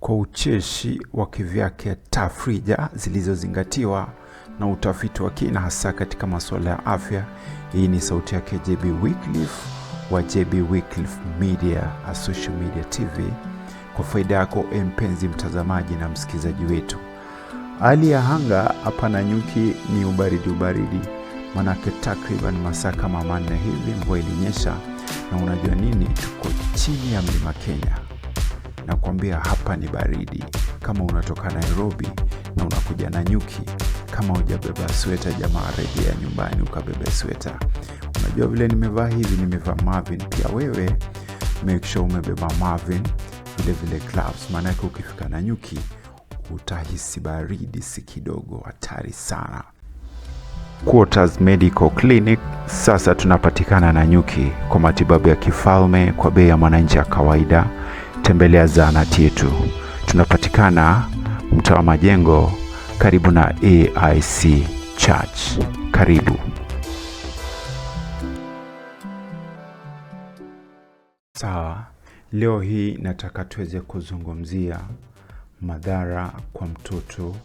kwa ucheshi wa kivyake tafrija zilizozingatiwa na utafiti wa kina hasa katika masuala ya afya. Hii ni sauti yake JB wiklif wa JB wiklif Media, a social media TV, kwa faida yako eh, mpenzi mtazamaji na msikilizaji wetu. Hali ya hanga hapana nyuki, ni ubaridi ubaridi, manake takriban masaa kama manne hivi mvua ilinyesha, na unajua nini, tuko chini ya mlima Kenya nakwambia hapa ni baridi. Kama unatoka Nairobi na unakuja na nyuki, kama hujabeba sweta jamaa, rejea nyumbani ukabebe sweta. Unajua vile nimevaa hivi, nimevaa Marvin. Pia wewe make sure umebeba Marvin vilevile gloves, maanake ukifika na nyuki utahisi baridi, si kidogo. Hatari sana. Quarters Medical Clinic sasa tunapatikana na nyuki kwa matibabu ya kifalme kwa bei ya mwananchi ya kawaida tembelea zahanati yetu. Tunapatikana mtaa wa Majengo, karibu na AIC Church. Karibu. Sawa, leo hii nataka tuweze kuzungumzia madhara kwa mtoto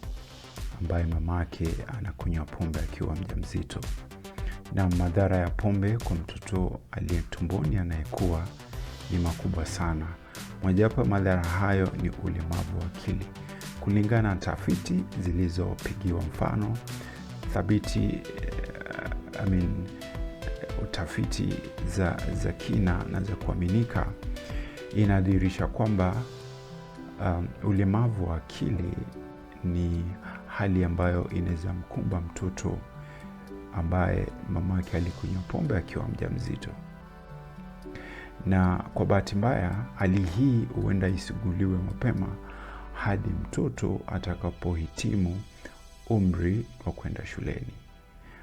ambaye mamake anakunywa pombe akiwa mjamzito na madhara ya pombe kwa mtoto aliye tumboni anayekuwa ni makubwa sana. Mojawapo ya madhara hayo ni ulemavu wa akili. Kulingana na tafiti zilizopigiwa mfano thabiti, uh, I mean, utafiti eh, za, za kina na za kuaminika inadhihirisha kwamba um, ulemavu wa akili ni hali ambayo inaweza mkumba mtoto ambaye mamake alikunywa pombe akiwa mjamzito na kwa bahati mbaya hali hii huenda isuguliwe mapema hadi mtoto atakapohitimu umri wa kwenda shuleni.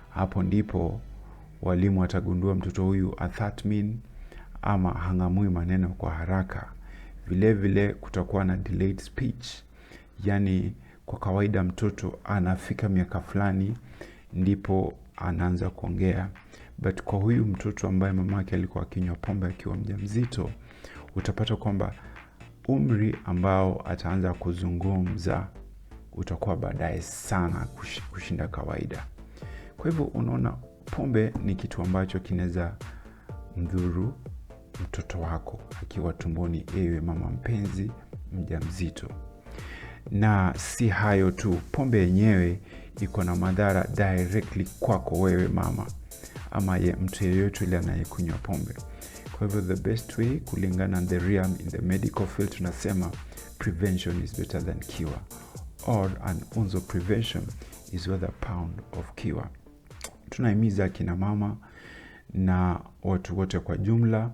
Hapo ndipo walimu watagundua mtoto huyu athatmin ama hang'amui maneno kwa haraka. Vilevile vile kutakuwa na delayed speech, yaani kwa kawaida mtoto anafika miaka fulani ndipo anaanza kuongea. But kwa huyu mtoto ambaye mamake alikuwa akinywa pombe akiwa mjamzito, utapata kwamba umri ambao ataanza kuzungumza utakuwa baadaye sana kushinda kawaida. Kwa hivyo unaona, pombe ni kitu ambacho kinaweza mdhuru mtoto wako akiwa tumboni, ewe mama mpenzi mja mzito Na si hayo tu, pombe yenyewe iko na madhara directly kwako wewe mama ama ye mtu yeyote yule anayekunywa pombe. Kwa hivyo the best way kulingana the realm in the medical field tunasema prevention is better than cure or an unzo prevention is worth a pound of cure. Tunahimiza kina mama na watu wote kwa jumla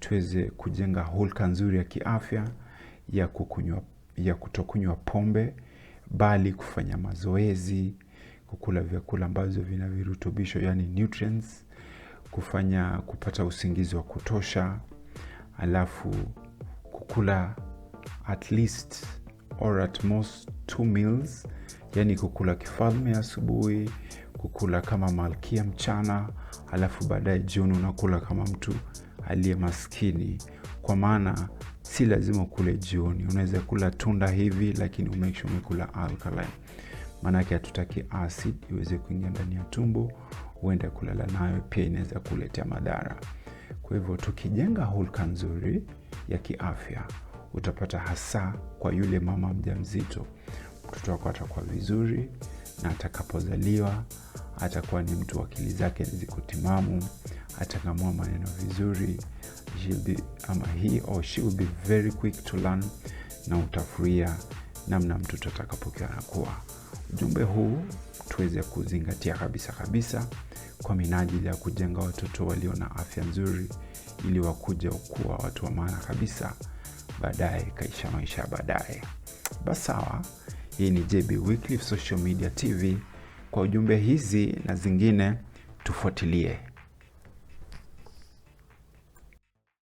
tuweze kujenga hulka nzuri ya kiafya ya kukunywa, ya kutokunywa pombe bali kufanya mazoezi kukula vyakula ambavyo vina virutubisho yani nutrients, kufanya kupata usingizi wa kutosha, alafu kukula at least or at most two meals, yani kukula kifalme asubuhi, kukula kama malkia mchana, alafu baadaye jioni unakula kama mtu aliye maskini, kwa maana si lazima ukule jioni, unaweza kula tunda hivi, lakini umekula alkaline maanake hatutaki acid iweze kuingia ndani ya tumbo, huenda kulala nayo pia inaweza kuletea madhara. Kwa hivyo tukijenga hulka nzuri ya kiafya, utapata hasa kwa yule mama mja mzito mtoto wako atakuwa vizuri na atakapozaliwa atakuwa ni mtu, akili zake zikutimamu atang'amua maneno vizuri. be, ama he na utafuria namna mtoto atakapokuwa anakuwa. Ujumbe huu tuweze kuzingatia kabisa kabisa kwa minajili ya kujenga watoto walio na afya nzuri, ili wakuja kuwa watu wa maana kabisa baadaye kaisha maisha ya baadaye. Basi sawa, hii ni JB Wycliffe Social Media TV. Kwa ujumbe hizi na zingine tufuatilie.